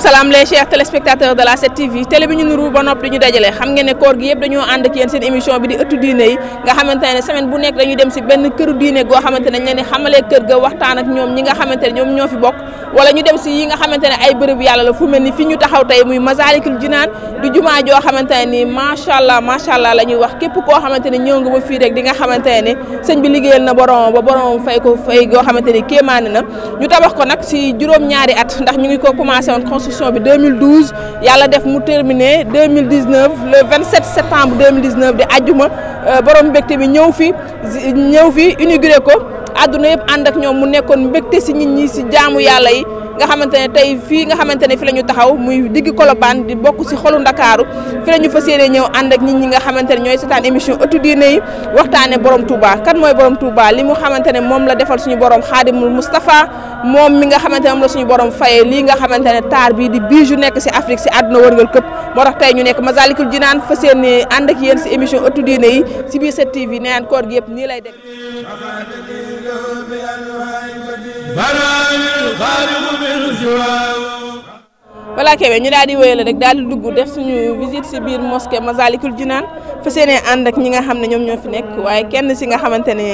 salaam salaam les chers téléspectateurs de la 7TV télé bi ñu nuru ba nopp di ñu dajale xam ngeen ne koor gi yëpp dañoo ànd ak seen émission bi di ëttu diine yi nga xamante ne semaine bu nekk dañuy dem si benn këru diine goo xamante ñoom ñoo fi bokk wala ñu dem si yi nga xamante ay bërëb yàlla la fu mel ni fi ñu taxaw tey muy Masalikul Jinaan du jumaa joo xamante ne nii macha allah wax képp koo xamante ñëw nga ba fii rek di nga xamante na borom ba na ñu tabax ko nag si construction bi 2012 yàlla def mu terminé 2019 le 27 septembre 2019 di àjjuma euh, borom mbégte bi ñëw fi ñëw fi inauguré ko. àdduna yëpp ànd ak ñoom mu nekkoon mbégte si nit ñi si jaamu yàlla yi nga xamante ne tey fii nga xamante ne fi la ñu taxaw muy digg Colobane di bokk si xolu Ndakaaru fi la ñu fas yéene ñëw ànd ak nit ñi nga xamante ne ñooy seetaan émission ëttu diine yi waxtaane borom Touba kan mooy borom Touba li mu xamante ne moom la defal suñu borom xaadimul Moustapha moom mi nga xamante ne moom suñu borom fayee lii nga xamante ne taar bii di bijoux nekk si Afrique si àdduna wërngal këpp moo ñu nekk Masalikul Jinaan fas yéene ànd ak yéen si émission ëttu diine yi si biir 7TV nee koor gi yëpp nii lay dem voilà Kébé ñu daal di wéyale rek daal di dugg def suñu visit si biir mosquée Masalikul Jinaan fa seenee ànd ak ñi nga xam ne ñoom ñoo fi nekk waaye kenn si nga xamante ne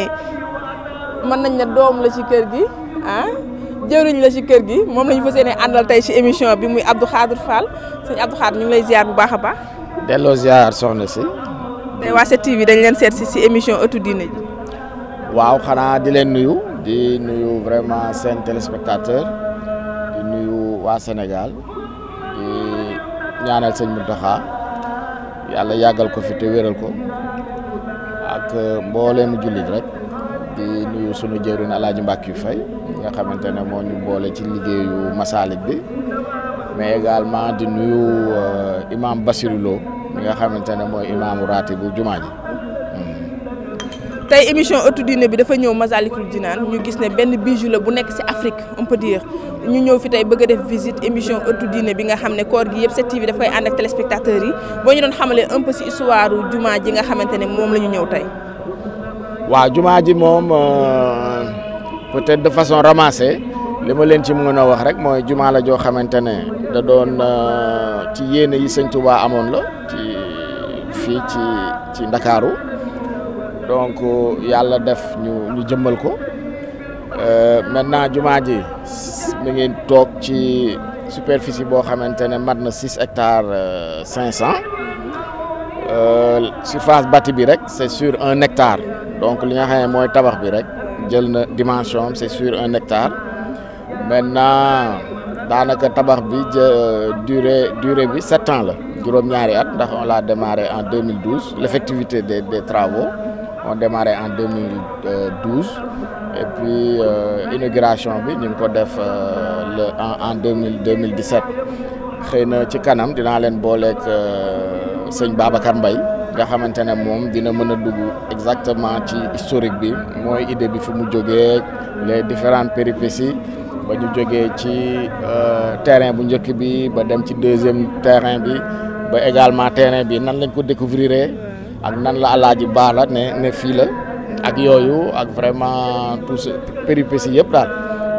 mën nañ ne doom la si kër gi ah jëriñ la si kër gi moom la ñu fa seenee àndal tey si émission bi muy Abdou Khadir Fall sëñ Abdou Khadir ñu ngi lay ziar bu baax a baax. delloo ziar soxna si. tey waa 7TV dañ leen seet si si émission ëttu diine ji. waaw xanaa di leen nuyu. di nuyu vraiment seen téléspectateur di nuyu waa Sénégal di ñaanal sëñ Mountakha yàlla yàggal ko fi te wéral ko ak mbooleemu jullit rek di nuyu sunu jëriñ Alaaji Mbàkke fay nga xamante ne moo ñu ci liggéeyu Masalik bi mais également di nuyu euh, imam Basirou Lo mi nga xamante ne mooy imaamu raati bu jumaa ji tey émission ëttu diine bi dafa ñëw Masalikul Jinaan ñu gis ne benn bijou la bu nekk ci Afrique on peut dire ñu ñëw fi tey bëgg a def visite émission ëttu diine bi nga xam ne koor gi yëpp 7TV daf koy ànd ak téléspectateurs yi boo ñu doon xamalee un peu ci histoire jumaa ji nga xamante ne moom la ñu ñëw tey. waaw jumaa ji moom euh, peut-être de façon ramassée li ma leen ci mën a wax rek mooy jumaa la joo xamante ne da doon euh, ci yéene yi Sëñ Tuubaa amoon la ci ci ci Ndakaaru. donc yàlla def ñu ñu jëmmal ko euh, maintenant jumaa ji mu ngi toog ci superficie boo xamante ne mat na hectare hectares euh, cinq cent euh, surface bâtie bi rek c'est sur un hectare donc li nga xam mooy tabax bi rek jël na dimension am c'est sur un hectare maintenant daanaka tabax bi dure durée bi sept ans la juróom-ñaari at ndax on l'a démarré en 2012 l'effectivité des des travaux on démarré en 2012 et puis euh, inauguration bi ñu ngi ko def euh, le en en 2017 xëy na ci kanam dinaa leen booleeg euh, sëñ Babacar Mbaye nga xamante ne moom dina mën a dugg exactement ci historique bi mooy idée bi fu mu jógee les différentes péripéties ba ñu jógee ci terrain bu njëkk bi ba dem ci deuxième terrain bi ba également terrain bi nan lañ ko découvrir ak nan la alaaji baax la ne ne fii la ak yooyu ak vraiment tout ce péripéties yëpp daal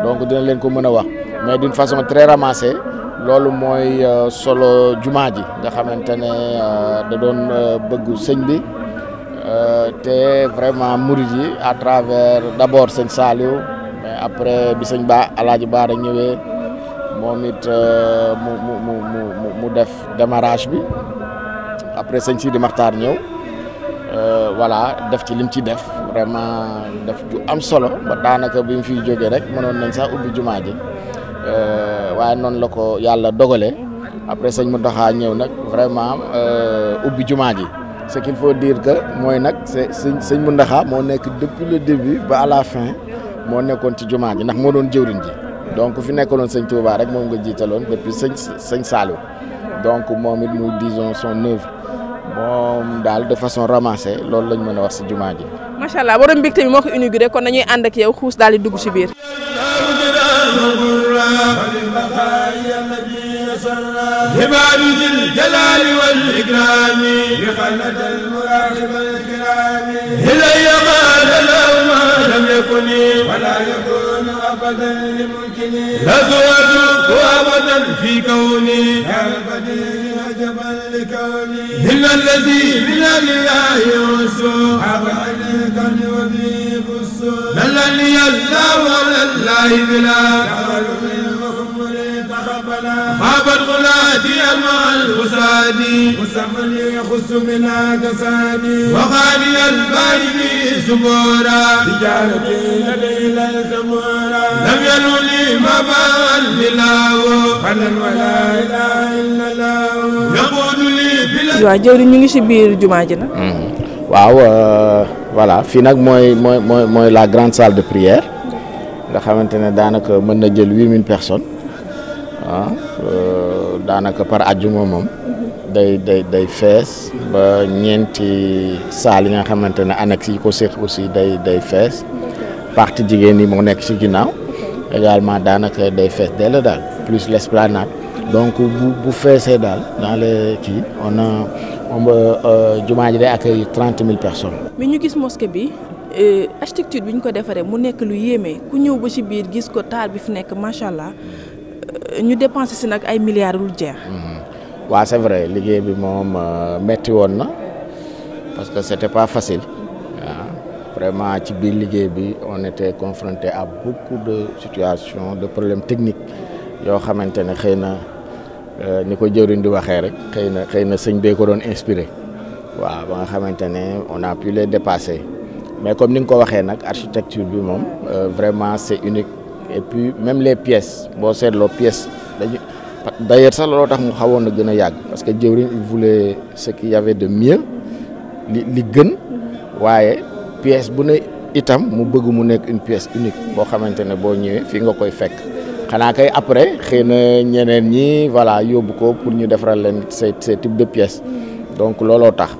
donc dina leen ko mën a wax mais d'une façon très ramassée loolu mooy euh, solo jumaa ji nga xamante ne euh, da doon euh, bëggu sëñ bi te vraiment murid yi à travers d'abord sëñ Saliou mais après bi sëñ Ba alaaji Baara ñëwee moom it mu mu mu mu mu def démarrage bi après sëñ di Maxtaar ñëw voilà def ci lim ci def vraiment def ju am solo ba daanaka bi mu fiy jógee rek mënoon nañ sax ubbi jumaa ji euh, waaye noonu la ko yàlla dogalee après sëñ Mountakha ñëw nag vraiment euh, ubbi jumaa ji ce qu'il faut diir que mooy nag c'est sëñ sëñ Mountakha moo nekk depuis le début ba à la fin moo nekkoon ci jumaa ji ndax moo doon jëwriñ ji donc fi nekkaloon sëñ Touba rek moom nga jiitaloon depuis sëñ sëñ Saliou donc moom it muy disons son œuvre moom daal de façon ramassée loolu lañ mën a wax si jumaa ji. macha allah borom mbégte bi moo ko inauguré kon nañuy ànd ak yow xuus daal di dugg si biir. لا زوال ابدا في كوني يا البديع عجبا لكوني إلا الذي من الله يوسف عقلك وبي فسوق دلني الله ولا الله بلا خابت غلاتي مع الغسادي وسمني خس من عكساني وغالي البايبي زبورا تجارتي لدينا الزبورا لم ينولي مبا الملاو فلا ولا إله إلا الله يقود لي بلا waaw jëwriñ ñu ngi si biir jumaa ji nag mhm. waaw euh, voilà fii nag mooy mooy la grande salle de prière nga xamante ne daanaka mën na jël huit mille personnes ah, euh, daanaka par àjjuma moom day day day fees ba ñeenti saal yi nga xamante ne annexe yi ko séq aussi day day fees partie jigéen yi moo nekk ci ginnaaw également daanaka day fees dell daal plus l'esplanade donc bu bu feesee daal dans les kii on a on euh, jumaa ji day accueillir trente mille personnes. mais ñu gis mosquée bi euh, architecture bi ñu ko defaree mu nekk lu yéeme ku ñëw ba ci biir gis ko taal bi fi nekk macha allah euh, ñu dépensé si nag ay milliards lu jeex. Mm-hmm. waa c'est vrai liggéey bi moom euh, metti woon na parce que c'était pas facile waaw ah. vraiment ci biir liggéey bi on était confronté à beaucoup de situations de problème technique yoo xamante ne xëy na euh, ni ko jëriñ di waxee rek xëy na xëy na sëñ bee ko doon inspiré waaw ba nga xamante ne on a pu les dépasser mais comme ni nga ko waxee nag architecture bi moom euh, vraiment c'est unique et puis même les pièces boo seetloo pièces dañu. d'ailleurs sax looloo tax mu xawoon na gën a yàgg parce que jëwriñ il voulait ce qu'il y de mieux li li gën waaye pièce bu ne itam mu bëgg mu nekk une pièce unique boo xamante ne boo ñëwee fii nga koy fekk xanaa kay après xëy na ñeneen ñi voilà yóbbu ko pour ñu defaral leen ces ces de pièces donc looloo tax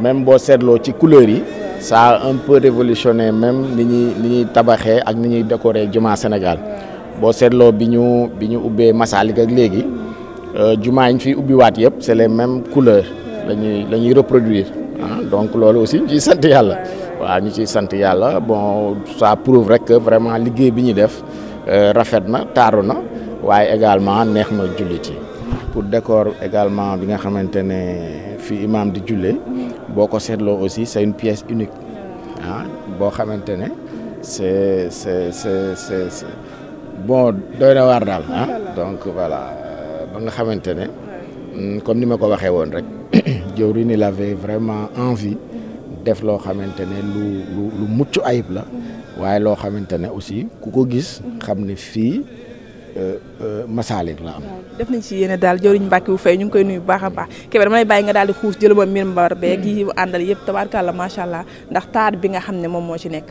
même boo seetloo ci couleurs yi ça a un peu révolutionné même ni ñuy ni ñuy tabaxee ak ni ñuy décorer jumaa Sénégal boo seetloo bi ñu bi ñu ubbee Masaalik ak léegi euh, jumaa yi ñu fi ubbiwaat yëpp c'est les mêmes couleurs la ñuy la ñuy reproduire ah. donc loolu aussi ñu ciy sant yàlla waaw ñu ciy sant yàlla bon sa prouve rek vraiment liggéey bi ñu def euh, rafet na taaru na waaye également neex na jullit yi pour décor également bi nga xamante ne fii imaam di jullee boo ko seetloo aussi c'est une pièce unique ah boo xamante ne c'est c'est c'est c'est bon doy na waar daal ah donc voilà euh, ba nga xamante ne mm, comme ni ma ko waxee woon rek jëwriñ il avait vraiment envie def loo xamante ne lu lu lu mucc ayib la waaye loo xamante ne aussi ku ko gis xam ne fii euh, euh, Masalik la am. def nañ ci yéene daal jëwriñ Mbacke wu fay ñu ngi koy nuyu bu baax a baax kii dama lay bàyyi nga daal di xuus jëluma mbir mbar beeg yi àndal yëpp tabaarkalla macha allah ndax taar bi nga xam ne moom moo ci nekk.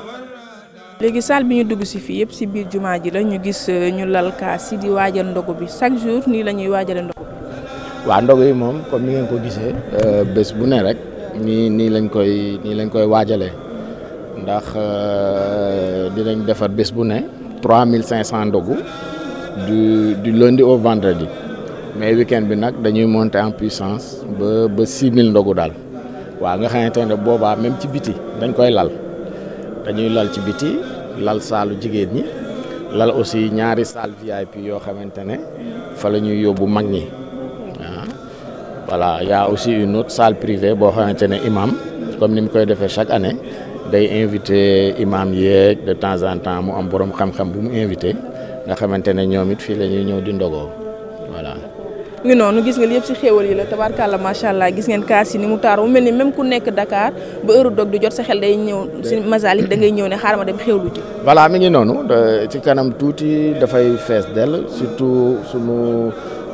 léegi salle bi ñu dugg si fii yëpp si biir jumaa ji la ñu gis euh, ñu lal kaas yi di waajal ndogu bi chaque jour nii la ñuy waajale ndogu bi. waaw ndogu yi moom comme ni ngeen ko gisee euh, bés bu ne rek nii nii lañ koy nii lañ koy waajalee ndax euh, dinañ defar bés bu ne 3500 ndogu du lendi lundi au vendredi mais week bi nag dañuy monter en puissance ba ba 6000 ndogu daal waaw nga xamante ne boobaa même ci biti dañ koy lal. dañuy lal ci biti lal saalu jigéen ñi lal aussi ñaari salle VIP yoo xamante ne fa la ñuy yóbbu mag ñi ah. voilà y a aussi une autre salle privée boo xamante ne imam comme ni mu koy defee chaque année day invité imam yeeg de temps en temps mu am borom xam-xam bu mu invité nga xamante ne ñoom it fii la ñuy ñëw di ndogoo. mu ngi noonu gis nga li yëpp si xéewal yi la tabarkàlla macha allah gis ngeen kaas yi ni mu taar mu mel ni même ku nekk Dakar ba heure dog du jot sa xel day ñëw si Masalik da ngay ñëw ne xaaral ma dem lu ji voilà mi ngi noonu ci kanam tuuti dafay fees dell surtout sunu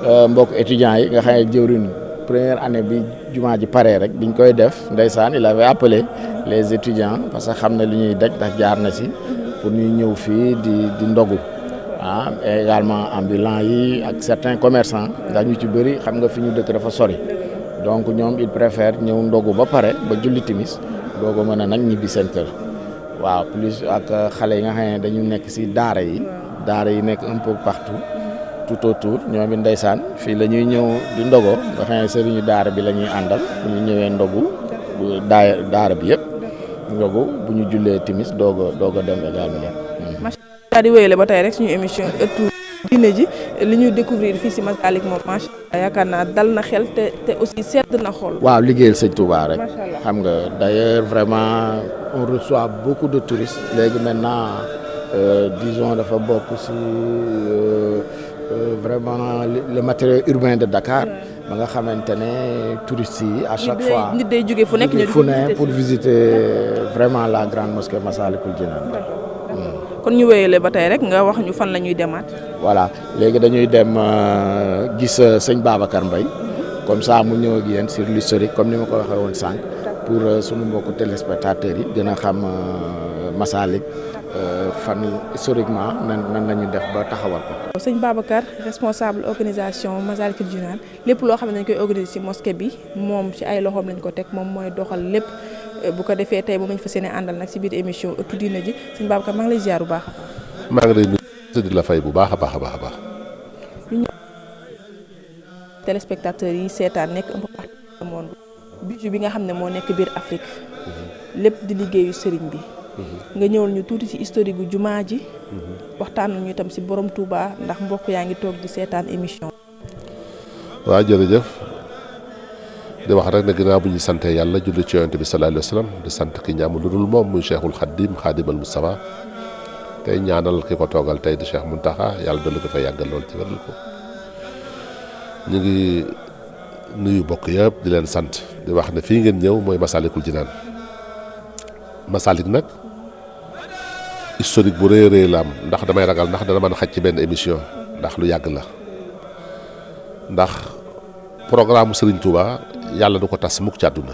euh, mbokk étudiants yi nga xam ne jëwriñ première année bi jumaa ji paree rek ñu koy def ndeysaan il avait appelé les étudiants parce que xam ne li ñuy daj ndax jaar na si pour ñuy ñëw fii di di ndogu ah également ambulant yi ak certains commerçants ndax ñu ci bëri xam nga fi ñu dëkk dafa sori donc ñoom ils préfèrent ñëw ndogu ba pare ba julli timis doog a mën a nag ñibbi seen kër waaw plus ak xale yi nga xam ne dañu nekk si daara yi daara yi nekk un peu partout tout autour ñoo bi ndeysaan fii la ñuy ñëw di ndogo nga xam ne sëriñu daara bi la ñuy àndal bu ñu ñëwee ndogu daara bi yëpp ndogu bu ñu jullee timis doog a doog a dem également daal di wéyale ba tey rek suñu émission ëttu diine ji li ñu découvrir fii si Masalik moom macha allah yaakaar naa dal na xel te te aussi sedd na xol. waaw liggéeyal sëñ Touba rek. xam nga d'ailleurs vraiment on reçoit beaucoup de touristes. léegi maintenant euh, disons dafa bokk si. Euh, euh, vraiment le matériel urbain de Dakar ba nga xamante ne touristes yi à chaque fois nit day jóge fu nekk fu ne pour visiter vraiment la grande mosquée Massalikul Jinaan kon ñu wéyale ba tey rek nga wax ñu fan la ñuy demaat. voilà léegi dañuy dem euh, gis euh, sëñ Babacar mbay comme ça mu ñëw ak yéen sur l'historique comme ni ma ko waxee woon sànq pour euh, suñu mbokku téléspectateurs yi gën a xam Massalik fan historiquement nan nan la ñu def ba taxawal ko. sëñ Babacar responsable organisation Massalikul Jinaan lépp loo xam ne dañ koy organiser ci mosquée bi moom ci ay loxoom lañ ko teg moom mooy doxal lépp. bu ko defee tey moom lañ fas yéene àndal nag si biir émission ëttu diina ji sëñ Babacar maa ngi lay ziar bu baax. maa ngi lay nuyu di la fay bu baax a baax a baax a baax. téléspectateurs yi seetaan nekk un peu partout dans le monde bijou bi nga xam ne moo nekk biir Afrique. Mhm. lépp di liggéeyu sëriñ bi. Mhm. nga ñëwal ñu tuuti ci historique gu jumaa ji. Mhm. waxtaan ñu itam ci borom Touba ndax mbokk yaa ngi toog di seetaan émission. waaw jërëjëf di wax rek ne ginnaaw bu ñu santee yàlla julli ci yonent bi sallallahu alayhi wa sallam di sant ki ñu amul lu dul moom muy cheikhul xadim xadimal Mustafa tey ñaanal ki ko toogal tey di cheikh Muntaxa yàlla dolli ko fa yàggal lool ci wéral ko ñu ngi nuyu bokk yëpp di leen sant di wax ne fii ngeen ñëw mooy Masalikul Jinaan Masalik nag historique bu rëy rëy la ndax damay ragal ndax dana mën xaj ci benn émission ndax lu yàgg la ndax programme Serigne Touba yàlla du ko tas mukk ci àdduna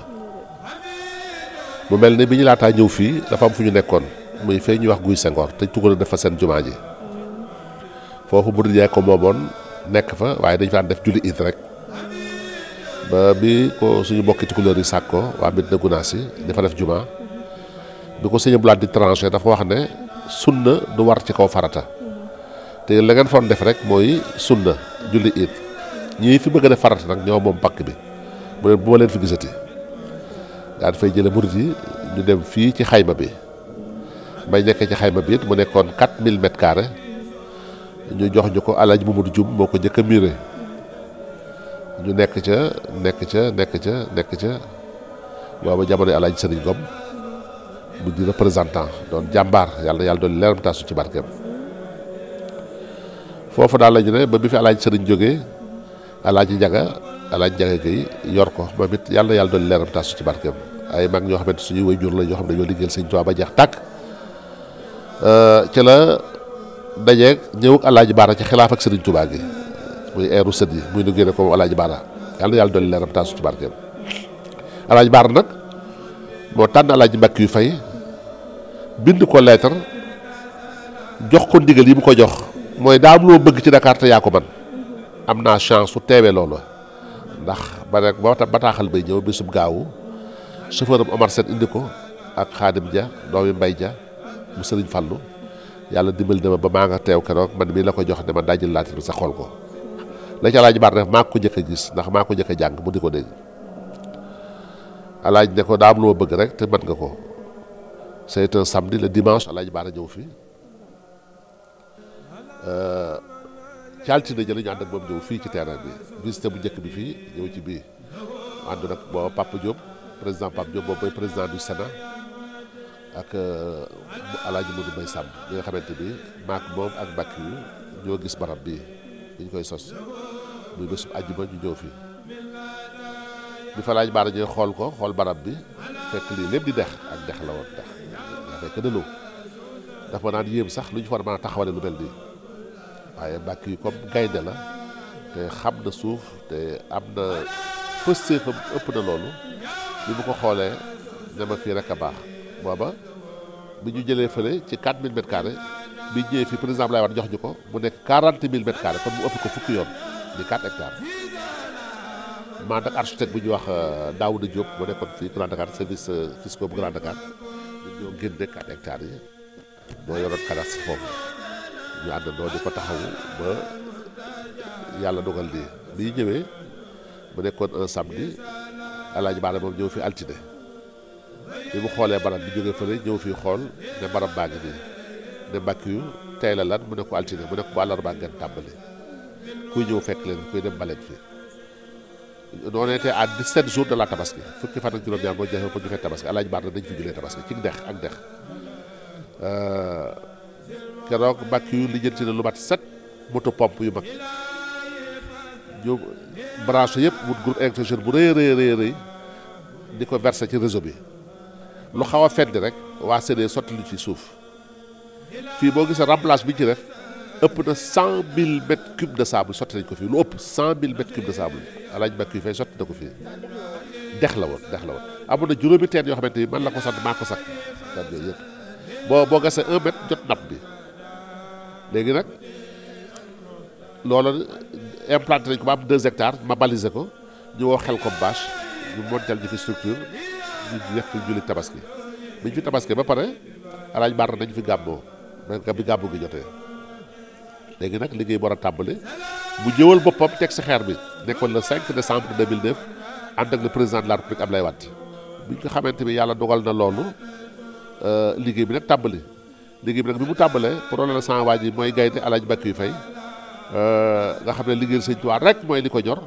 mu mel ni bi ñu laataa ñëw fii dafa am fu ñu nekkoon muy fee ñuy wax guy Senghor te tugal def fa seen jumaa ji foofu murid yee ko moomoon nekk fa waaye dañ fa def julli it rek ba bi ko suñu mbokki tukulóor yi sàkko waa Medina Gunaas yi ko sëñ di tranché dafa wax ne sunna du war ci kaw farata te la ngeen foon def rek mooy sunna julli it ñii fi bëgg ne def farata nag ñoo moom pakk bi bu bu ma leen fi gisati daan fay jële murit ñu dem fii ci xayma bi may nekkee ci xayma bi it mu nekkoon 4000 mètres carrés ñu jox ñu ko alaaj Mamadou Dioum moo ko njëkk a miire ñu nekk ca nekk ca nekk ca nekk ca waaw ba jamono alaaj Sëriñ Ngom mu di représentant doon jàmbaar yàlla na yàlla doon leeram ci barkeem foofu daal la ñu ne ba bi fi alaaj Sëriñ jógee alaaj Njaga alaaj jageke yi yor ko ba mit yàlla na yàlla doon leeram tasu ci barkeem ay mag ñoo xamante suñu way jur la ñoo xam ne ñoo liggéeyal sëñ Tuubaa ba jeex tàkk euh, ci la dajeeg ñëw alaaji baara ci xilaaf ak sëriñ Tuubaa gi muy eeru sët yi muy nu génne ko moom alaaji baara yàlla na yàlla doon leeram tasu baara nag moo tànn alaaji mbàkk yu fay bind ko leetar jox ko ndigal yi mu ko jox mooy daa am loo bëgg ci Dakar te yaa ko man am naa chance su teewee loolu ndax ba nag bataaxal bay ñëw bisub gaawu chauffeur Omar Sène indi ko ak Xaadim Dia doomi Mbay Dia mu sëriñ Fallu yàlla dimbali na ma ba maa nga teew keroog man mii la ko jox ne ma dajil laatir bi sa xool ko la ca laaj baat def maa ko njëkk a ndax maa ko njëkk a jàng di ko dégg alaaj ne ko daa am lu ma bëgg rek te mën nga ko c'est un samedi le dimanche alaaj baat a ñëw fii euh, ci altine jëla ñu ànd ak moom ñëw fii ci terrain bi visite bu jëkk bi fii ñëw ci bii ànd nag boo Papa Diop président Papa Diop moom mooy président du Sénat ak alaaji Modou Mbaye Samb bi nga xamante bi maak moom ak mbàkk yu ñoo gis barab bi ñu koy sos muy bésub àjjuma ñu ñëw fii bi falaaj laaj baara xool ko xool barab bi fekk lii lépp di dex ak dex la woon dex nga fekk dëloo dafa naan yéem sax lu ñu fa mën a taxawale lu mel nii waaye bàkk yi comme gaynde la te xam na suuf te am na pëstéefam ëpp na loolu bi mu ko xoolee dama fii rek a baax booba bi ñu jëlee fële ci 4000 mètres carrés bi ñëwee fi président Abdoulaye Wade jox ñu ko mu nekk 40 000 mètres carrés kon mu ëpp ko fukki yoon di 4 hectares maanaam nag architecte bu ñuy wax euh, Daouda Diop mu nekkoon fii Grand Dakar service euh, fiscaux bu Grand Dakar ñun ñoo génne 4 hectares yi moo yoroon cadastre foofu. ñu àndandoo di ko taxawu ba yàlla dogal lii bi ñu ñëwee bu nekkoon un samedi alaaji baara moom ñëw fi altine bi mu xoolee barab bi jógee fële ñëw fii xool ne barab baa ngi nii ne mbàkk yu tey la lan mu ne ko altine mu ne ko bu àllarba ngeen tàmbali kuy ñëw fekk leen kuy dem baleen fi on était à 17 jours de la tabaski fukki fan ak juróom-ñaar moo jeexee ba ñu fay tabaski alaaji baara dañ fi julee tabaski ci dex ak dex euh, keroog bàkk yu lijjanti na lu mat set moto pompe yu mag ñu branché yëpp wut groupe électrogène bu rëy rëy rëy di ko versé ci réseau bi lu xaw a fedd rek waa séddee sotti lu ci suuf fii boo gisee remplage bi ci rek ëpp na cent mille mètres cubes de sable sotti nañ ko fii lu ëpp cent mille mètres cubes de sable alaaj bàkk yu fay sotti na ko fii dex la woon dex la woon amoon na juróomi teen yoo xamante ni man la ko sant maa ko boo boo gasee un mètre jot bi léegi nag loola implanté nañ ko ba am deux hectare ma balisé ko ñu woo xel comme bâche ñu montel ñu fi structure ñu def fi julli tabaski bi ñu fi tabaski ba pare alaaj baar nañ fi gàmmoo mais bi gàmmu gi jotee léegi nag liggéey war a tàmbali mu ñëwal boppam teg si xeer bi nekkoon le 5 décembre 2009 ànd ak le président de la république Abdoulaye Wade bi ñu xamante bi yàlla dogal na loolu euh, liggéey bi nag tàmbali. liggéey bi nag bi mu tàmbalee problème sans waaj yi mooy gaynde alaaj bakk yu fay euh, nga xam ne liggéeyal sëñ Tuubaa rek mooy li ko ñor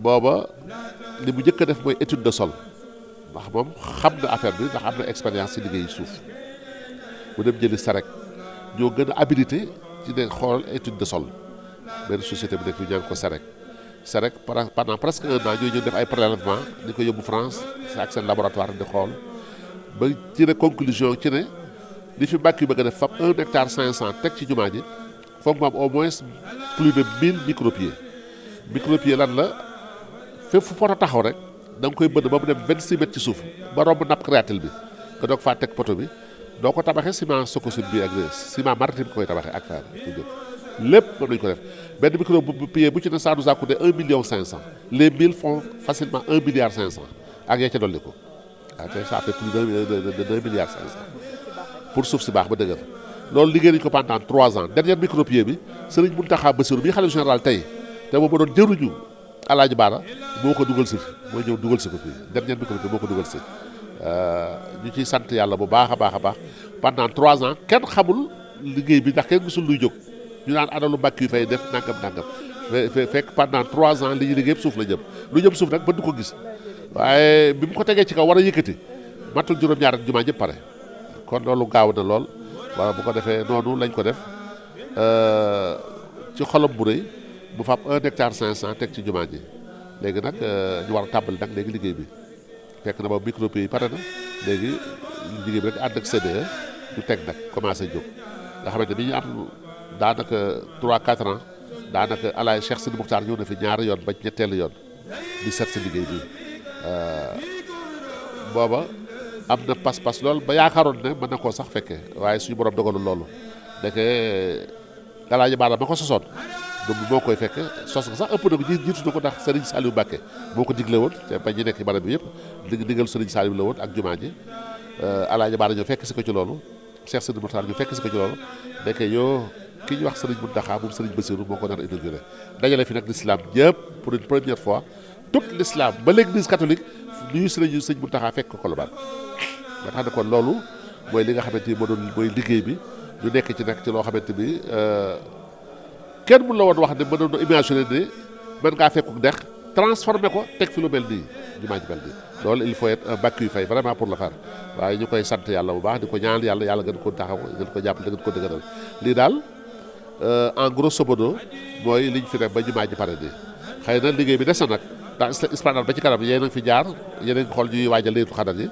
booba li mu njëkk def mooy étude de sol ndax moom xam na affaire bi ndax am na expérience ci liggéey suuf mu dem jëli sarek ñoo gën a habilité ci ne xool étude de sol benn société bi nekk ñu ñaan ko sarek sarek pendant presque un an ñoo ñëw def ay prélèvement ni ko yóbbu France ak seen laboratoire di xool ba ci ne conclusion li fi mbàkk yu bëgg a def fab un hectare cinq cent teg ci jumaa ji foog mu am au moins plus de mille micropieux micropieux lan la fépp fu poto taxaw rek da nga koy bënn ba mu dem vingt six mètres ci suuf ba romb napp créatile bi nga doog faa teg poto bi doo ko tabaxee ciment socosim bi ak ciment maritime koy tabaxee ak fa lépp moom lañu ko def benn micropieux bu ci ne ça nous a coûté un million cinq cent les mille font facilement ak yaa dolli ko waaw ah, te ça fait pour suuf si baax ba dëgër loolu liggéey nañu ko pendant trois ans dernier micropieux bi sëriñ Mountakha Bassirou bi xalifa général tey te moom ma doon jëruñu Alaaji Baara moo ko dugal si moo ñëw dugal si ko fii dernier micropieux moo ko duggal si euh, ñu ci sant yàlla bu baax a baax a baax pandant trois ans kenn xamul liggéey bi ndax kenn gisul luy jóg ñu naan analu mbàkk yi fay def nangam nangam fekk pendant trois ans li ñuy liggéey yëpp suuf la jëm lu jëm suuf nag ba du ko gis mu ko tegee ci kaw war a yëkkati matul juróom-ñaar ak jumaa pare kon loolu gaaw na lool waaw bu ko defee noonu lañ ko def ci xolam bu rëy bu fa am un hectare cinq cent teg ci jumaa ji léegi nag euh, ñu war a tàmbali nag léegi liggéey bi fekk na ba micropi yi pare na léegi liggéey bi rek ànd ak CDE ñu teg nag commencé jóg nga xamante bi ñu am daanaka 3 4 ans daanaka alaay Cheikh Sidi Moukhtar ñëw na fi ñaari yoon ba ñetteelu yoon di seet si liggéey bi euh, booba am na pas-pas lool ba yaakaaroon ne mën na sax fekkee waaye suñu borom dogalul loolu ndeke Alaaji Baara ma ko sosoon dum moo koy fekke sos nga sax ëpp na ko jiitu na ko ndax Serigne Saliou Mbacke moo ko digle woon te ba ñi nekk ci bi yëpp di digal Serigne Saliou la woon ak jumaa ji euh, Alaaji Baara ñu fekk si ko ci loolu Cheikh Sidi Moutar ñu fekk si ko ci loolu ndeke yoo ki ñu wax Serigne Mountakha moom Serigne Bassirou moo ko nar a inauguré fi nag l'islam ñëpp pour une première fois toute l'islam ba l'église nuyu si lañu sëñ Muntaxa fekk ko Colobane ba tax na kon loolu mooy li nga xamante ni moo doon mooy liggéey bi ñu nekk ci nag ci loo xamante ni euh, kenn mun la woon wax ne ma doon imaginer ne mën ngaa fekkuk dex transformé ko teg fi lu mel nii jumaa loolu il faut être un Mbackiyou Faye pour le faire waaye ñu koy sant yàlla bu baax ko ñaan yàlla yàlla gën ko taxaw gën ko jàppale gën ko dëgëral lii daal euh, en grosso modo mooy liñ fi def ba jumaa ji pare nii xëy na liggéey bi des na nag dans Esplanade ba ci kanam yéen a fi jaar yéen xool ñuy waajal Laylatul Qadr yi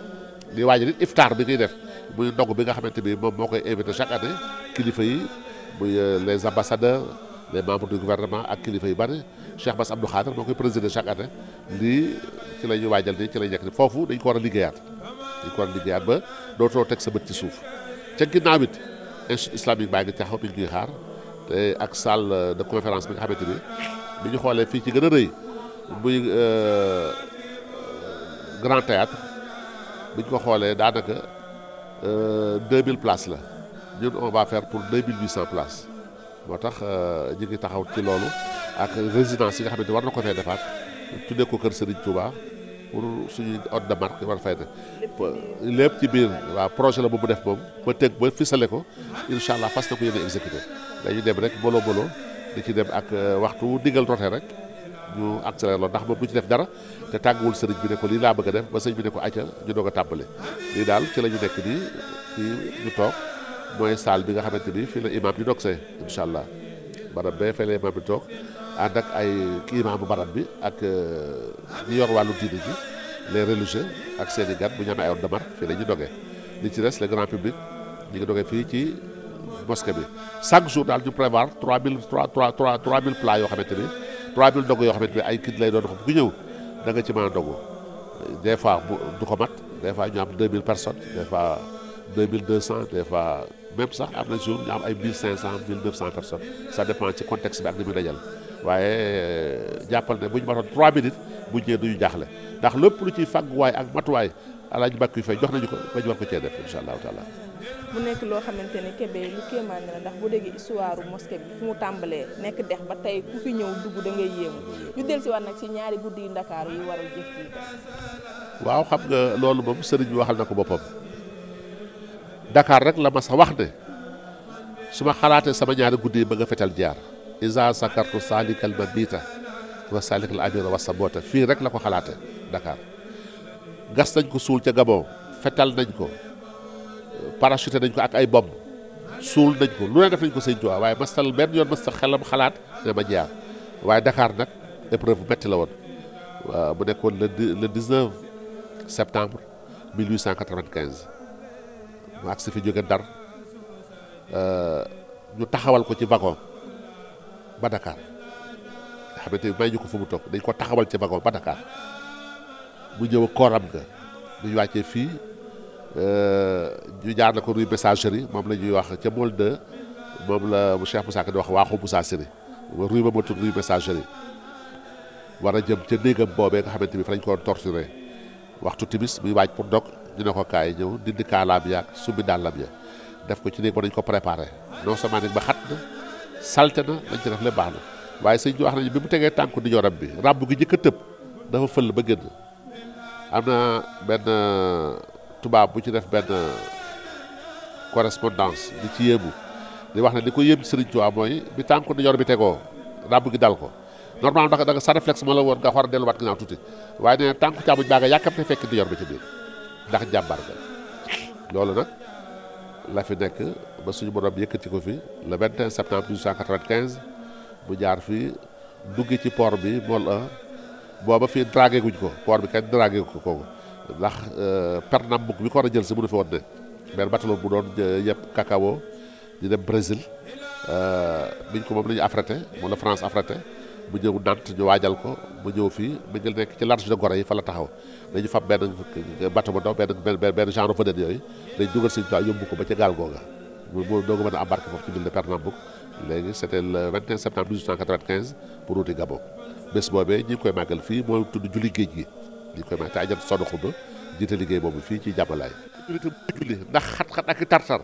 di waajal it iftaar bi ñuy def muy ndog bi nga xamante bi moom moo koy invité chaque année kilifa yi muy euh, les ambassadeurs les membres du gouvernement ak kilifa yu bari Cheikh Bass Abdou Khader moo koy présider chaque année lii ci la ñuy waajal nii ci la ñu foofu dañ ko war a dañ ko war a liggéeyaat ba dootoo teg sa bët ci suuf ca ginnaaw it institut islamique baa ngi taxaw bi ñuy xaar te ak salle euh, de conférence bi nga xamante ni bi ñu xoolee fii ci gën a rëy. buy euh, grand théâtre buñ ko xoolee daanaka euh, deux mille places la ñun on va pour deux mille huit cent places moo tax euh, ñu ngi taxaw ci loolu ak résidence yi nga xamante war na ko fay defaat tuddee ko kër Serigne Touba pour suñu hôte de marque war lépp ci biir waaw projet la bu mu def moom ba teg ba fisale ko incha allah fas na ko yéen a exécuté dañuy dem rek bolo bolo di ci dem ak waxtu wu digal rotee rek. ñu accéléré loolu ndax moom bu ci def dara te tàgguwul sëriñ bi ne lii laa bëgg a def ba sëriñ bi ne ko acca ñu doog a lii daal ci la ñu nekk nii fii ñu toog mooy salle bi nga xamante ni fii la imaam bi dog see incha allah barab bee fee la imaam di toog ànd ak ay kii imaamu barab bi ak euh, ñi yor wàllu diine ji les religieux ak seen i bu ñu amee ay ordamar fii la ñuy dogee li ci des le grand public ñu ngi dogee fii ci mosquée bi chaque jour daal ñu prévoir 3000 3 3 3000 plats yoo xamante ni. 3000 dogu yoo xamante ne ay kit lay doon xam ku ñëw da nga ci mën a dogu des fois du ko mat des fois ñu am 2000 personnes des fois 2200 fois même sax am na jour ñu am ay 1500 1900 personnes ça dépend ci contexte bi ak ni muy dajal waaye euh, jàppal ne bu ñu matoon 3 minutes bu ñëwee du ñu jaaxle ndax lépp lu ciy waay ak matuwaay alaaj mbàkk yu fay jox nañu ko ba ñu war ko cee def incha allahu taala mu nekk loo xamante ne Kébé lu kéemaan la ndax bu déggee histoire mosquée bi fu mu tàmbalee nekk dex ba tey ku fi ñëw dugg da yéemu ñu del si waat nag si ñaari guddi yu Ndakaaru yi waral jëf yi waaw xam nga loolu moom sëriñ bi waxal na ko boppam Dakar rek la ma sa wax ne su ma xalaatee sama ñaari guddi yi ba nga fetal jaar isa sakartu salikal mabita wa salikal amira sa sabota fii rek la ko xalaate Dakar gas nañ ko suul ca Gabon fetal nañ ko parachuté nañ ko ak ay bomb suul nañ ko lu ne def nañ ko sëñ Tuubaa waaye mastal benn yoon mastal xelam xalaat ne ma jaar waaye Dakar nag épreuve bu métti la woon mu nekkoon le le 19 septembre 1895 mu agsi fi jóge Ndar euh, ñu taxawal ko ci wagon ba Dakar nga xamante ni may ñu ko fu mu toog dañ ko taxawal ci wagon ba Dakar mu ñëw kooram nga ñu wàccee fii. Euh, ñu jaar la ko rue Messagerie moom la ñuy wax ca Môle 2 moom la Cheikh Moussa Ka di wax waaxu Moussa Siri rue ba ma tudd rue Messagerie war a jëm ca néegam boobee nga xamante ni fa lañ ko torturé waxtu timis muy waaj pour dog ñu ne ko kaay ñëw dindi kaalaam yaag sumbi dàllam ya def ko ci néeg ba dañ ko préparé non seulement néeg ba xat na salte na dañ ci def lépp baax na waaye sëñ bi wax nañu bi mu tegee tànku di joram bi ràbb gi njëkk a tëb dafa fël ba génn am na tubaab bu ci def benn correspondance di ci yéemu di wax ne di ko yéem ci Sëriñ Tuubaa mooy bi tànku ndijoor bi tegoo ràbb gi dal ko normalement da nga da nga sa réflexe ma la woon nga war a delluwaat ginnaaw tuuti waaye nee na tànku càmmoñ baa nga yàkkamte fekk ndijoor bi ci biir ndax jàmbaar ga loolu nag la fi nekk ba suñu borom yëkkati ko fi le 21 septembre 1895 mu jaar fi dugg ci poor bi mool a booba fii dragué ko poor bi kenn dragué ko kooku ndax euh, Pernambouc bi ko war a jël si mënu fi woon ne benn bateau bu doon euh, yëpp cacao di dem Brésil euh, biñ ko moom la ñu affrété moom la France affrété mu ñëw Nantes ñu waajal ko mu ñëw fii mu ngi nekk ci large de Gorée yi fa la taxaw dañu fab benn bateau bu ndaw benn benn genre vedette yooyu dañ dugal suñu toit yóbbu ko ba ca gaal googa mu doog a mën a embarqué foofu ci ville de Pernambouc koy màggal fii mooy tudd julli géej gi. ñu koy may te ajam sonn xuba jiite liggéey boobu fii ci jàmmalaay julli ndax xat-xat ak tartar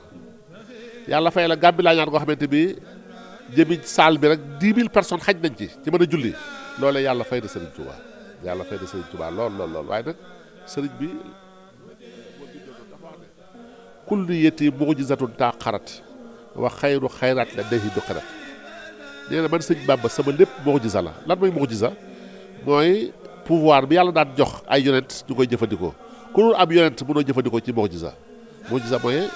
yàlla fay la gàmbi laa ñaan goo xamante bi jëmi saal bi rek dix mille personnes xaj nañ ci ci mën a julli loolee yàlla fay na sëriñ Touba yàlla fay na sëriñ Touba lool lool lool waaye nag sëriñ bi kullu yeti mu'jizatun taa xarat wa xayru xayraat la dehi du xarat nee na man sëriñ Bàmba sama lépp mu'jiza la lan mooy mu'jiza mooy pouvoir bi yàlla daan jox ay yonent ñu koy jëfandikoo ku dul am yonent mënoo jëfandikoo ci mujjiza mujjiza mooy euh,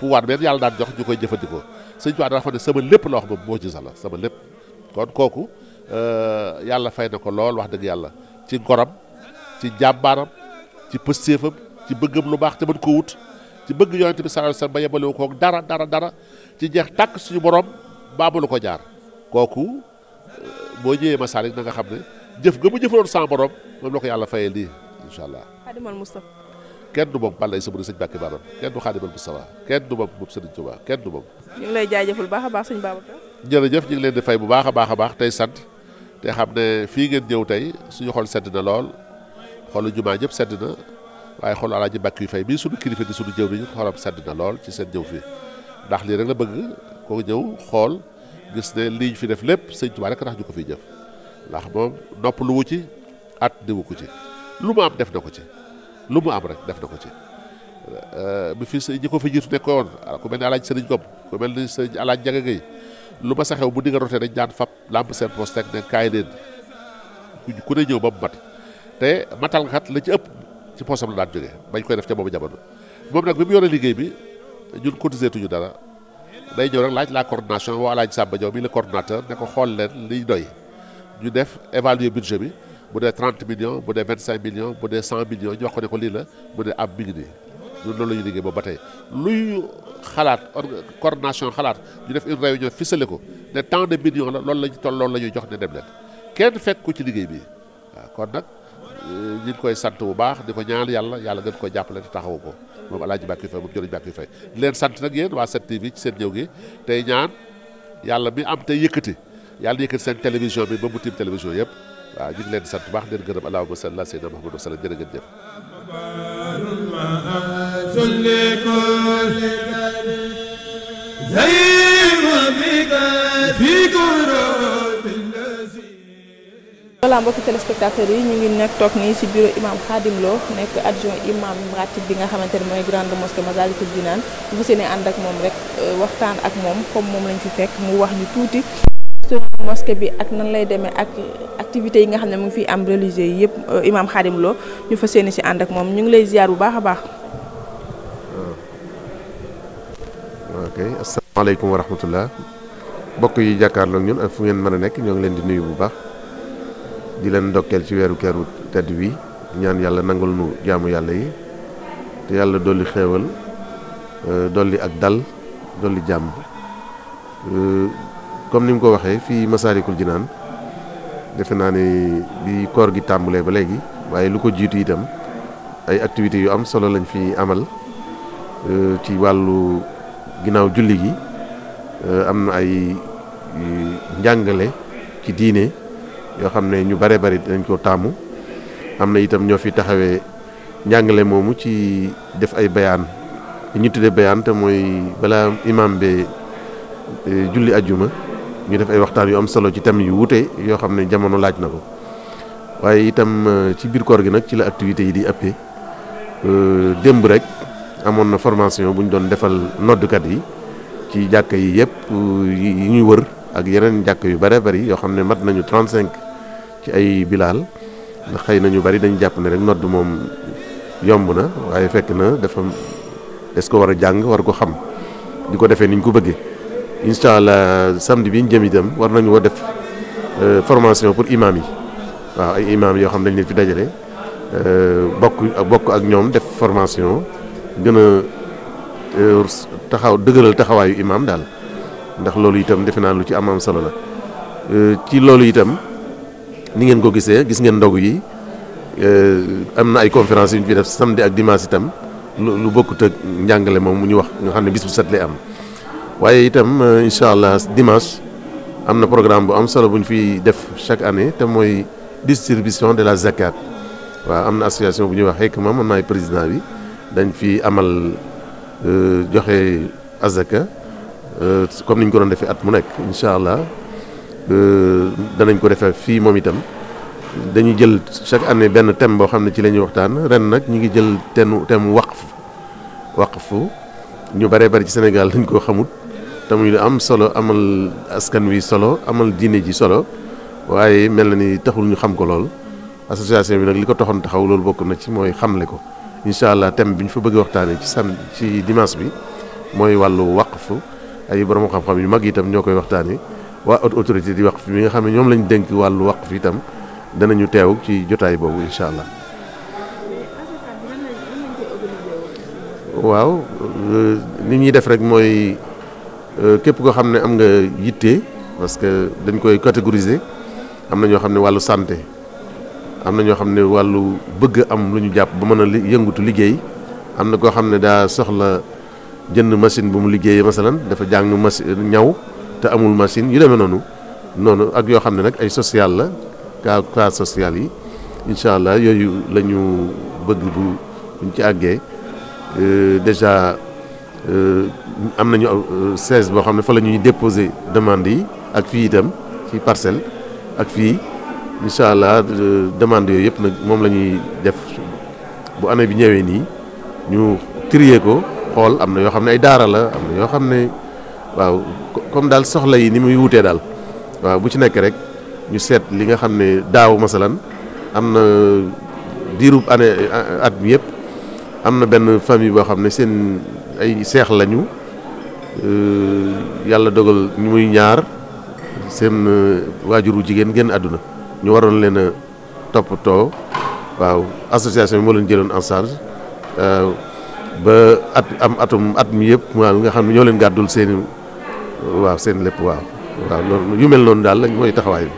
pouvoir benn yàlla daan jox ñu koy jëfandikoo sëñ Tuubaa dafa ne sama lépp la wax moom mujjiza la sama lépp kon kooku euh, yàlla fay na ko lool wax dëgg yàlla ci ngoram ci jàmbaaram ci pëstéefam ci bëggam lu baax te mën ko wut ci bëgg yonent bi sallallahu sa wasallam ba yebalewu ko dara dara dara ci jeex tàkk suñu borom baamu lu ko jaar kooku euh, boo ñëwee Masalik na nga xam jëf nga mu jëfaloon sans borom moom la ko yàlla fayee lii incha allah. xaadimal Mustafa. kenn du moom Balla Saburi sëñ Bàkke Baabam kenn du xaadimal Mustafa kenn du moom moom Sëriñ Tuubaa kenn du moom. ñu ngi lay jaajëfal baax jërëjëf ñu ngi leen di fay bu baax a baax a baax tey sant te xam ne fii ngeen ñëw tey suñu xol sedd na lool xolu jumaa ñëpp sedd na waaye xolu Alaaji Mbàkke yu fay bii suñu kilifa di suñu jëw bi ñu xolam sedd na lool ci seen ñëw fi ndax lii rek la bëgg ko ñëw xool gis ne lii ñu fi def lépp sëñ Tuubaa rek tax ñu ko fiy jëf ndax moom nopp lu wu ci at diwu ko ci lu mu am def na ko ci lu mu am rek def na ko ci euh, bi fi ñi ko fi jiitu nekkoon ku mel ni alaaj sëriñ Gom ku mel ni sëriñ alaaj Njaga Gay lu ma sa xew bu digga rotee dañ daan fab làmp seen poste teg ne kaay leen ku ne ñëw ba mu mat te matal nga la ci ëpp ci poosam la daan jóge bañ koy def ca boobu jamono moom nag bi mu yore liggéey bi ñun cotisé tuñu dara day ñëw rek laaj la coordination woo alaaj Sàmba Jaw mi la ne ko xool leen liy doy ñu def évaluer budget bi bu dee trente millions bu dee vingt cinq millions bu dee cent millions ñu wax ko ne ko lii la bu dee ab la ñuy liggéey ba ba tey luy xalaat coordination xalaat ñu def une réunion ko ne tant de millions la loolu la ñu toll la ñuy jox ne dem leen kenn fekk ku ci liggéey bi kon nag euh, ñu ngi koy sant bu baax di ko ñaan yàlla yàlla gën ko jàppale te ko moom El Hadj Bakio Faye sant nag yéen waa 7TV ci seen ñëw gi tey ñaan yàlla mi am tey yëkkati. yàlla yëkkati seen télévision bi ba mu tiim télévision yëpp waaw ñu ngi leen di bu baax leen gërëm allahumma salli ala sayyidina Muhammad wa sallam jërë ngeen jëf voilà mbokki téléspectateurs yi ñu ngi nekk toog nii ci bureau imam Khadim nekk adjoint imam ratib bi nga xamante ne mooy grande mosquée Massalikul Jinaan bu seenee ànd ak moom rek euh, waxtaan ak moom comme moom lañ fi fekk mu wax ñu tuuti historique mosquée bi ak nan lay demee ak activités yi nga xam ne mu ngi fiy am religieux yi yëpp euh, imaam Khadim Lo ñu fas yéene si ànd ak moom ñu ngi lay ziar bu baax a baax. Ah. ok asalaamaaleykum wa rahmatullah mbokk yi jàkkaarloog ñun ak fu ngeen mën a nekk ñoo ngi leen di nuyu bu baax di leen ndokkeel ci weeru keeru tedd wi ñaan yàlla nangul nu jaamu yàlla yi te yàlla dolli xéewal euh, dolli ak dal dolli jàmm. Euh, comme ni mu ko waxee fii Masaalikul Jinaan defe naa ne bi koor gi tàmbalee ba léegi waaye lu ko jiitu itam ay activités yu am solo lañ fi amal euh, ci wàllu ginnaaw julli gi euh, am na ay njàngale ci diine yoo xam ne ñu bare bari dañ koo tàmmu am na itam ñoo fi taxawee njàngale moomu ci def ay bayaan li ñu tuddee bayaan te mooy balaa imaam be euh, julli ajjuma ñu def ay waxtaan yu am solo ci thèmes yu wute yoo xam ne jamono laaj na ko waaye itam euh, ci biir koor gi nag ci la activités yi di ëppee euh, démb rek amoon na formation bu ñu doon defal noddukat yi ci jàkk yi yëpp yi ñuy wër ak yeneen jàkk yu bare bari yoo xam ne mat nañu 35 ci ay bilaal ndax xëy nañu bari dañu jàpp ne rek nodd moom yomb na waaye fekk na dafa est-ce que war a jàng war ko xam di ko defee niñ ko bëggee incha allah samedi bi ñu jëm tam war nañu woo def euh, formation pour imam yi waaw ay imam yoo xam ne dañ fi dajale euh, bokk bokk ak ñoom def formation gën a euh, taxaw dëgëral taxawaayu imam daal ndax loolu itam defe naa lu ci am am solo la ci loolu itam ni ngeen ko gisee gis ngeen ndogu yi am na ay conférence yu ñu fi def samedi ak dimanche itam lu bokkut ak njàngale moom mu ñu wax nga xam ne bis bu am. waaye itam euh, incha allah dimanche am na programme bu am solo bu ñu fiy def chaque année te mooy distribution de la zakat waaw am na association bu ñuy wax Hikma man maay président bi dañ fi amal euh, joxe azaka euh, comme ni ñu ko doon defee at mu nekk incha allah danañ ko defee fii moom itam dañuy jël chaque année benn thème boo xam ne ci lañuy waxtaan ren nag ñu ngi jël thème fu waqf fu ñu bare bari ci Sénégal dañ koo xamut. te muy lu am solo amal askan wi solo amal diine ji solo waaye mel na ni taxul ñu xam ko lool association bi nag li ko taxoon taxaw loolu bokk na ci mooy xamle ko incha allah thème bi ñu fa bëgg waxtaanee ci sam ci dimanche bi mooy wàllu fu ay borom xam yu mag itam ñoo koy waxtaanee waa auto autorité di fu mi nga xam ne ñoom lañu dénk wàllu tam dana ñu teew ci jotaay boobu incha allah. waaw li euh, ñuy def rek mooy. Euh, képp koo xam ne am nga yitte parce que dañ koy catégoriser am na ñoo xam ne wàllu santé am na ñoo xam ne wàllu bëgg am lu ñu jàpp ba mën a yëngutu liggéey am na koo xam ne daa soxla jënd machine bu mu liggéeyee masalan dafa jàng machine ñaw te amul machine yu demee noonu noonu ak yoo xam ne nag ay sociale la cas cas social yi incha allah yooyu la ñu bëgg bu ñu ci àggee euh, déjà Euh, am nañu euh, seize boo xam ne fa la ñuy déposer demande yi ak fii itam fii parcelle ak fii incha allah euh, demande yooyu yëpp nag moom lañuy def bu année bi ñëwee nii ñu trier ko xool am na yoo xam ne ay daara la am na yoo xam ne waaw comme daal soxla yi ni muy wutee daal waaw bu ci nekk rek ñu seet li nga xam ne daaw masalan am na diirub année at bi yëpp am na benn famille boo xam ne seen ay seex lañu euh, yàlla dogal ñu muy ñaar seen euh, waajuru jigéen génn àdduna ñu waroon leen a toppatoo waaw association bi moo leen jëloon en charge euh, ba at am atum at mi yëpp waaw nga xam ne ñoo leen gàddul seen waaw seen lépp waaw waaw loolu yu mel noonu daal lañ mooy taxawaay bi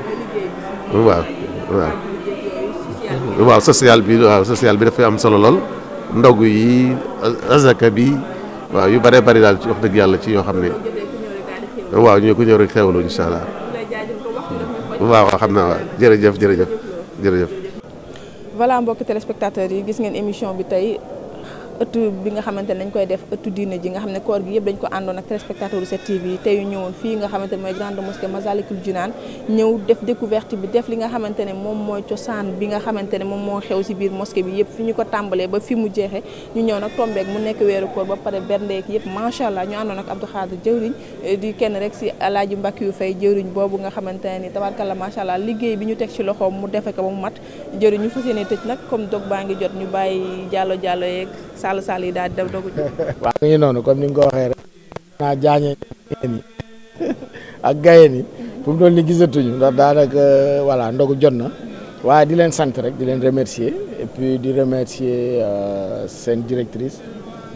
waaw waaw waaw bi waaw social bi dafay am solo lool yi azaka bi waaw yu bëree bëri daal ci wax dëgg yàlla ci yoo xam ne waaw ñu ko ñëw rek xewlu incha allah hmm. waaw xam naa waaw jërëjëf jërëjëf jërëjëf voilà mbokki téléspectateurs yi gis ngeen émission bi tey ëtt bi nga xamante ne dañ koy def ëttu diine ji nga xam ne koor gi yëpp dañ ko àndoon ak téléspectateur u 7TV yi tey ñëwoon fii nga xamante ne mooy grande mosquée Massalikul Jinaan ñëw def découverte bi def li nga xamante ne moom mooy cosaan bi nga xamante ne moom moo xew si biir mosquée bi yëpp fi ñu ko tàmbalee ba fi mu jeexee ñu ñëw nag tombeek mu nekk weeru koor ba pare berndeek yëpp macha allah ñu àndoon ak Abdou Khadir jëwriñ eh, di kenn rek si alaaji Mbàkke yu fay jëwriñ boobu nga xamante ne ni tabarkalla macha allah liggéey bi ñu teg ci loxoom mu defe ko ba mu mat jëwriñ ñu fas yéene tëj nag comme dog baa ngi jot ñu bàyyi jàllo jàllo yeeg sàll sàll yi daal di dogu ji. waaw mi noonu comme ni nga ko waxee rek naa jaañee ak gayeen yi fu mu gisatuñu ndax daanaka euh, voilà ndogu jot na waaye di leen sant rek di leen remercier et puis di remercier euh, seen directrice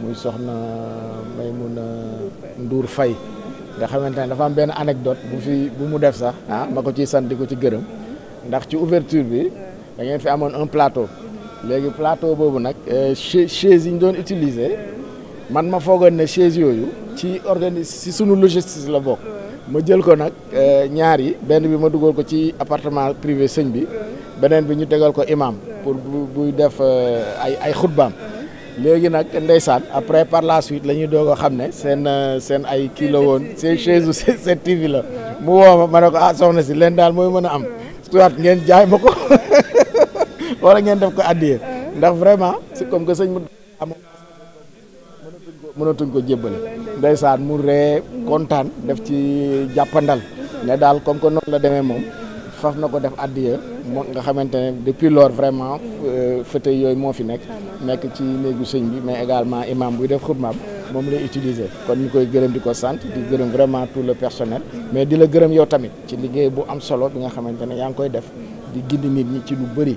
muy soxna Maimouna Ndour fay nga xamante ne dafa am benn anecdote bu fi bu mu def sax ah ma ko ciy sant di ko ci gërëm ndax ci ouverture bi da ngeen fi amoon un plateau léegi plateau boobu nag euh, chaise yi ñu doon utiliser man ma foogoon ne chaise yooyu ci organise si sunu logistique la bokk ma jël ko nag euh, ñaar yi benn bi ma dugal ko ci appartement privé sëñ bi beneen bi ñu tegal ko imam pour buy def euh, ay ay xutbaam léegi nag ndeysaan après par la suite la ñuy doog a xam ne seen seen ay kii la woon seen chaise seen TV la mu woo ma ma ne ko ah soxna si leen daal mooy mën a am soit ngeen jaay ma ko. wala ngeen def ko addiye ndax vraiment c'est comme que sëñ mu amoon mënatuñ ko mënatuñ ko jébbale ndeysaan mu ree kontaan def ci jàppandal ne daal comme que noonu la demee moom faf na ko def addiye moo nga xamante ne depuis lors vraiment euh, fauteuil yooyu moo fi nekk nekk ci néegu sëñ bi mais également imam buy def xutmaam moom la utiliser kon ñu koy gërëm di ko sant di gërëm vraiment tout le personnel mais di la gërëm yow tamit ci liggéey bu am solo bi nga xamante ne yaa ngi koy def di gindi nit ñi ci lu bëri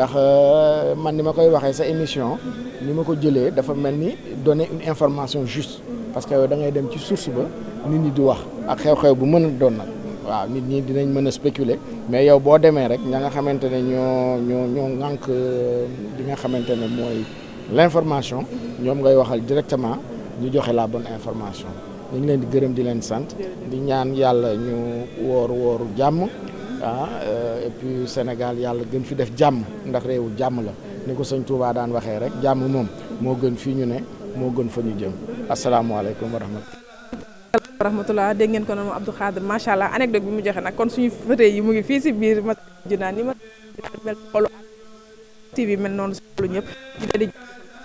ndax euh, man ni ma koy waxee sa émission ni ma ko jëlee dafa mel ni donner information juste parce que da ngay dem ci source ba nit ñi di wax ak xew-xew bu mën a doon nag waaw nit ñi dinañ mën a spéculer mais yow boo demee rek ña nga xamante ne ñoo ñoo ñoo ŋànk euh, li nga xamante ne mooy l'information ñoom ngay waxal directement ñu joxe la bonne information ñu ngi leen di gërëm di leen sant di ñaan yàlla ñu woor wooru jàmm ah euh, et puis yàlla gën fi def jàmm ndax réewu jàmm la ni ko sëñ Touba daan waxee rek jàmm moom moo gën fii ñu ne moo gën fa ñu jëm asalaamaaleykum wa rahmatulah. rahmatullah dégg ngeen ko noonu Abdou Khadre macha allah anecdote bi mu joxe nag kon suñu fëtee yi mu ngi fii si biir ma junaan ni ma mel xolu TV mel noonu si xolu ñëpp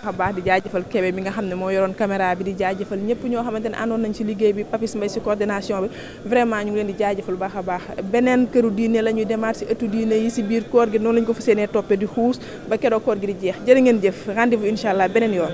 a baax di jaajëfal Kébé mi nga xam ne moo yoroon caméra bi di jaajëfal ñëpp ñoo xamante ne àndoon nañ ci liggéey bi Papis Mbaye ci coordination bi vraiment ñu ngi leen di jaajëfal bu baax a baax beneen këru diine la ñuy demaat ci ëttu diine yi ci biir koor gi noonu lañ ko fas yéenee toppee di xuus ba keroog koor gi di jeex jërë ngeen jëf rendez-vous incha beneen yoon